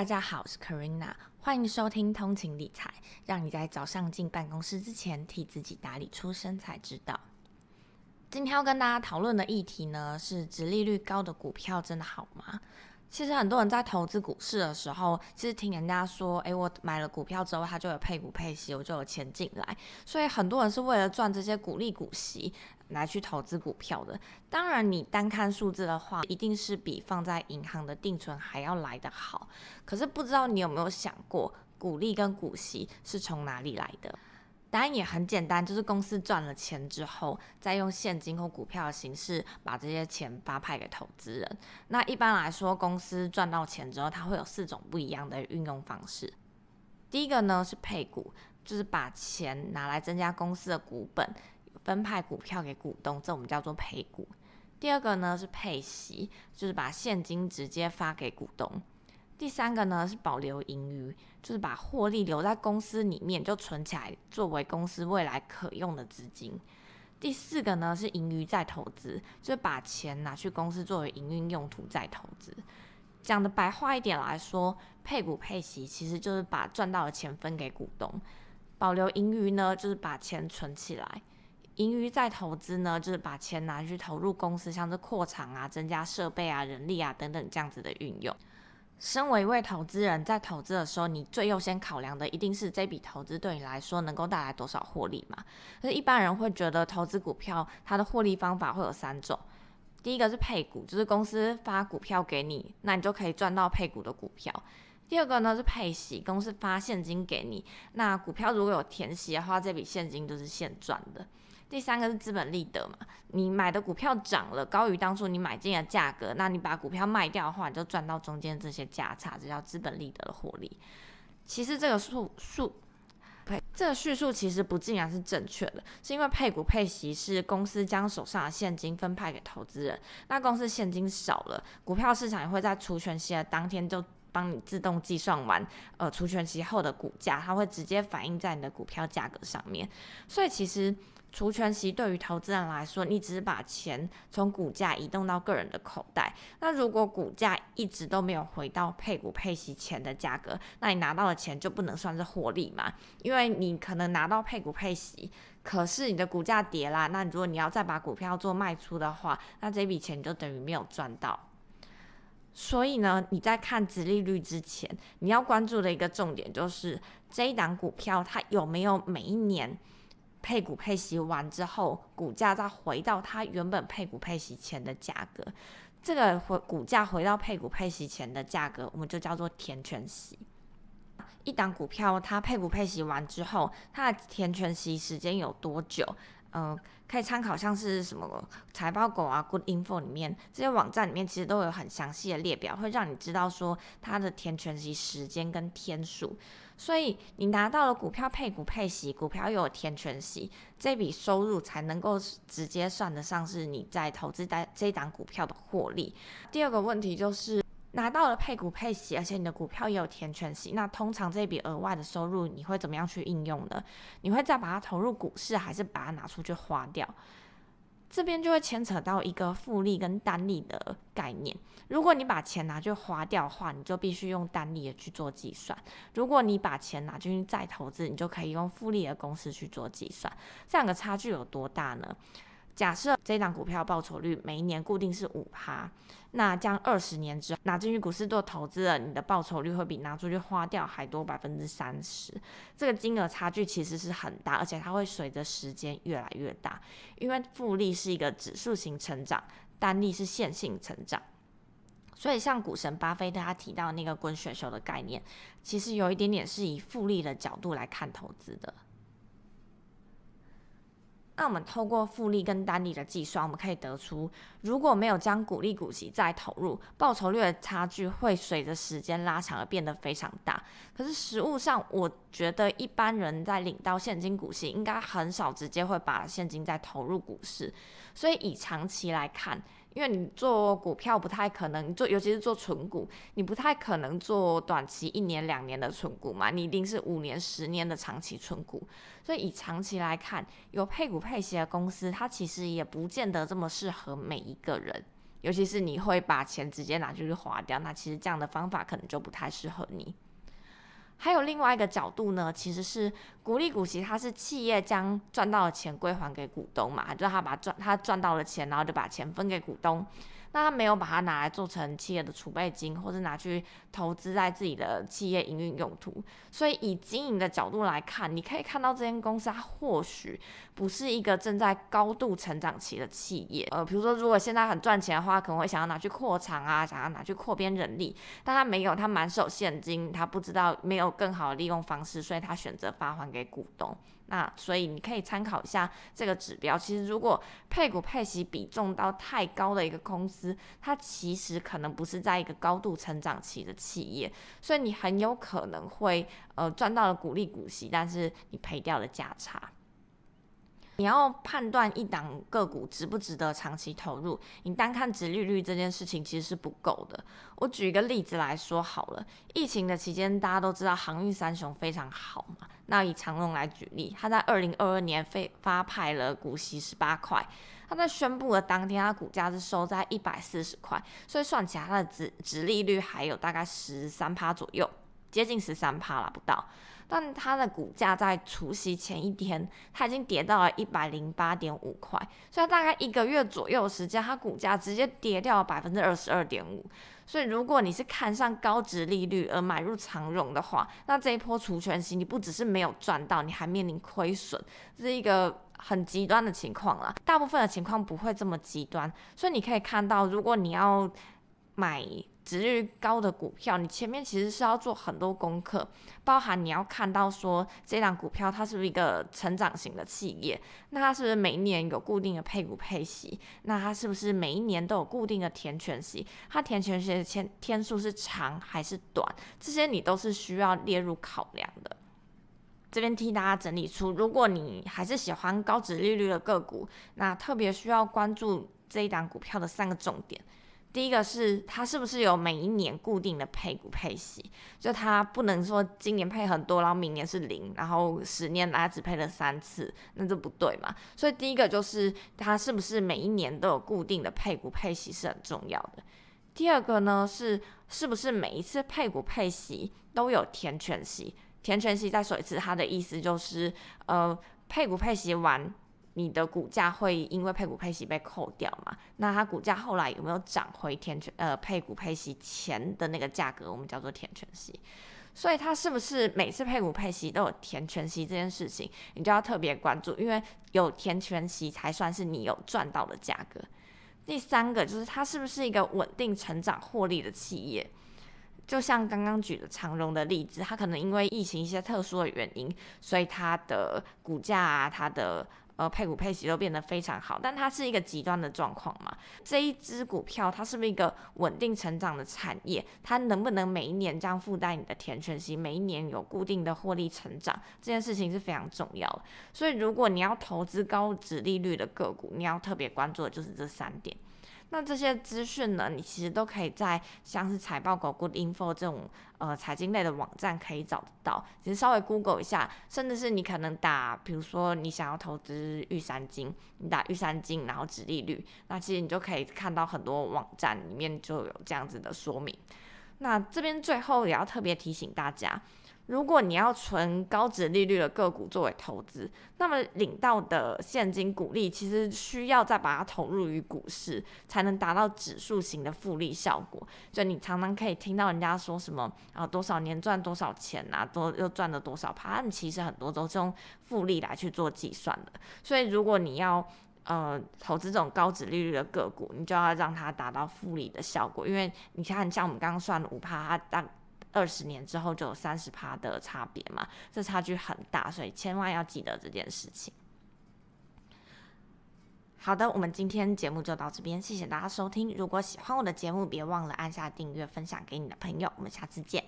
大家好，我是 Karina，歡迎收聽通勤理財，讓你在早上進辦公室之前替自己打理出生財之道。今天要跟大家討論的議題呢，是殖利率高的股票真的好嗎？其實很多人在投資股市的時候，其實聽人家說，哎，我買了股票之後，它就有配股配息，我就有錢進來。所以很多人是為了賺這些股利股息來去投資股票的。當然，你單看數字的話，一定是比放在銀行的定存還要來得好。可是不知道你有沒有想過，股利跟股息是從哪裡來的？答案也很簡單，就是公司賺了錢之後，再用現金或股票的形式把這些錢發派給投資人。那一般來說，公司賺到錢之後，它會有四種不一樣的運用方式。第一個呢是配股，就是把錢拿來增加公司的股本，分派股票給股東，這我們叫做配股。第二個呢是配息，就是把現金直接發給股東。第三個呢是保留盈餘，就是把獲利留在公司裡面，就存起來作為公司未來可用的資金。第四個呢是盈餘再投資，就是把錢拿去公司作為營運用途再投資。講的白話一點來說，配股配息其實就是把賺到的錢分給股東，保留盈餘呢就是把錢存起來，盈餘再投資呢就是把錢拿去投入公司，像是擴廠啊、增加設備啊、人力啊等等這樣子的運用。身為一位投資人，在投資的時候，你最優先考量的一定是這筆投資對你來說能夠帶來多少獲利嘛？而、就是、一般人會覺得投資股票，它的獲利方法會有三種，第一個是配股，就是公司發股票給你，那你就可以賺到配股的股票；第二個呢是配息，公司發現金給你，那股票如果有填息的話，這筆現金就是現賺的。第三個是資本利得嘛，你買的股票漲了，高於當初你買進的價格，那你把股票賣掉的話，你就賺到中間這些價差，這叫資本利得的獲利。其實這個數數，這個敘述其實不盡然是正確的，是因為配股配息是公司將手上的現金分派給投資人，那公司現金少了，股票市場也會在除權息的當天就幫你自動計算完，呃，除權息後的股價，它會直接反映在你的股票價格上面。所以其實除權息對於投資人來說，你只是把錢從股價移動到個人的口袋。那如果股價一直都沒有回到配股配息前的價格，那你拿到的錢就不能算是獲利嘛？因為你可能拿到配股配息，可是你的股價跌啦。那如果你要再把股票做賣出的話，那這筆錢你就等於沒有賺到。所以呢，你在看殖利率之前，你要關注的一個重點就是這一檔股票，它有沒有每一年配股配息完之後，股價再回到它原本配股配息前的價格。這個回股價回到配股配息前的價格，我們就叫做填權息。一檔股票它配股配息完之後，它的填權息時間有多久？嗯、呃，可以參考像是什麼財報狗啊、Good Info 裡面這些網站裡面，其實都有很詳細的列表，會讓你知道說它的填權息時間跟天數。所以你拿到了股票配股配息，股票又有填權息，這筆收入才能夠直接算得上是你在投資單這一檔股票的獲利。第二個問題就是。拿到了配股配息，而且你的股票也有填權息，那通常這筆額外的收入你會怎麼樣去應用呢？你會再把它投入股市，還是把它拿出去花掉？這邊就會牽扯到一個複利跟單利的概念。如果你把錢拿去花掉的話，你就必須用單利的去做計算；如果你把錢拿進去再投資，你就可以用複利的公式去做計算。這兩個差距有多大呢？假設這張股票報酬率每一年固定是五趴。那將二十年之後拿進去股市做投資了，你的報酬率會比拿出去花掉還多百分之三十。這個金額差距其實是很大，而且它會隨着時間越來越大，因為複利是一個指數型成長，單利是線性成長。所以像股神巴菲特他提到的那個滾雪球的概念，其實有一點點是以複利的角度來看投資的。那我們透過複利跟單利的計算，我們可以得出，如果沒有將股利股息再投入，報酬率的差距會隨着時間拉長而變得非常大。可是實務上，我覺得一般人在領到現金股息，應該很少直接會把現金再投入股市，所以以長期來看。因為你做股票不太可能做，尤其是做存股，你不太可能做短期一年兩年的存股嘛，你一定是五年十年的長期存股。所以以長期來看，有配股配息的公司，它其實也不見得這麼適合每一個人，尤其是你會把錢直接拿出去花掉，那其實這樣的方法可能就不太適合你。還有另外一個角度呢，其實是股利股息，它是企業將賺到的錢歸還給股東嘛，就他把賺他賺到的錢，然後就把錢分給股東。那他沒有把它拿來做成企業的儲備金，或是拿去投資在自己的企業營運用途。所以以經營的角度來看，你可以看到這間公司它或許不是一個正在高度成長期的企業。呃，比如說如果現在很賺錢的話，可能會想要拿去擴廠啊，想要拿去擴編人力，但他沒有，他滿手現金，他不知道沒有更好的利用方式，所以他選擇發還給股東。啊，所以你可以參考一下這個指標。其實，如果配股配息比重到太高的一個公司，它其實可能不是在一個高度成長期的企業，所以你很有可能會呃賺到了股利股息，但是你賠掉了價差。你要判斷一檔個股值不值得長期投入，你單看殖利率這件事情其實是不夠的。我舉一個例子來說好了，疫情的期間大家都知道航運三雄非常好嘛。那以長榮來舉例，他在二零二二年非發派了股息十八塊，他在宣布的當天，他股價是收在一百四十塊，所以算起來他的殖殖利率還有大概十三趴左右，接近十三趴了不到。但它的股價在除息前一天，它已經跌到了一百零八點五塊，所以大概一個月左右的時間，它股價直接跌掉了百分之二十二點五。所以如果你是看上高殖利率而買入長榮的話，那這一波除權息你不只是沒有賺到，你還面臨虧損，這是一個很極端的情況啦。大部分的情況不會這麼極端，所以你可以看到，如果你要買。殖利率高的股票，你前面其實是要做很多功課，包含你要看到說，這檔股票它是不是一個成長型的企業，那它是不是每一年有固定的配股配息，那它是不是每一年都有固定的填權息，它填權息的天天數是長還是短，這些你都是需要列入考量的。這邊替大家整理出，如果你還是喜歡高殖利率的個股，那特別需要關注這一檔股票的三個重點。第一個是它是不是有每一年固定的配股配息，就它不能說今年配很多，然後明年是零，然後十年來只配了三次，那這不對嘛？所以第一個就是它是不是每一年都有固定的配股配息是很重要的。第二個呢是是不是每一次配股配息都有填權息？填權息再說一次，它的意思就是呃配股配息完。你的股價會因為配股配息被扣掉嘛？那它股價後來有沒有漲回填權呃配股配息前的那個價格？我們叫做填權息。所以它是不是每次配股配息都有填權息這件事情，你就要特別關注，因為有填權息才算是你有賺到的價格。第三個就是它是不是一個穩定成長獲利的企業？就像剛剛舉的長榮的例子，它可能因為疫情一些特殊的原因，所以它的股價啊，它的呃，配股配息都變得非常好，但它是一個極端的狀況嘛？這一支股票它是不是一個穩定成長的產業？它能不能每一年這樣附帶你的填權息，每一年有固定的獲利成長？這件事情是非常重要的。所以，如果你要投資高殖利率的個股，你要特別關注的就是這三點。那這些資訊呢，你其實都可以在像是財報狗 Good Info 這種呃財經類的網站可以找得到。其實稍微 Google 一下，甚至是你可能打，比如說你想要投資玉山金，你打玉山金，然後殖利率，那其實你就可以看到很多網站裡面就有這樣子的說明。那這邊最後也要特別提醒大家。如果你要存高殖利率的個股作為投資，那麼領到的現金股利其實需要再把它投入於股市，才能達到指數型的複利效果。所以你常常可以聽到人家說什麼啊、呃，多少年賺多少錢吶、啊，多又賺了多少趴？其實很多都是用複利來去做計算的。所以如果你要呃投資這種高殖利率的個股，你就要讓它達到複利的效果，因為你看，像我們剛剛算的五趴，二十年之後就有三十趴的差別嘛，這差距很大，所以千萬要記得這件事情。好的，我們今天節目就到這邊，謝謝大家收聽。如果喜歡我的節目，別忘了按下訂閱，分享給你的朋友。我們下次見。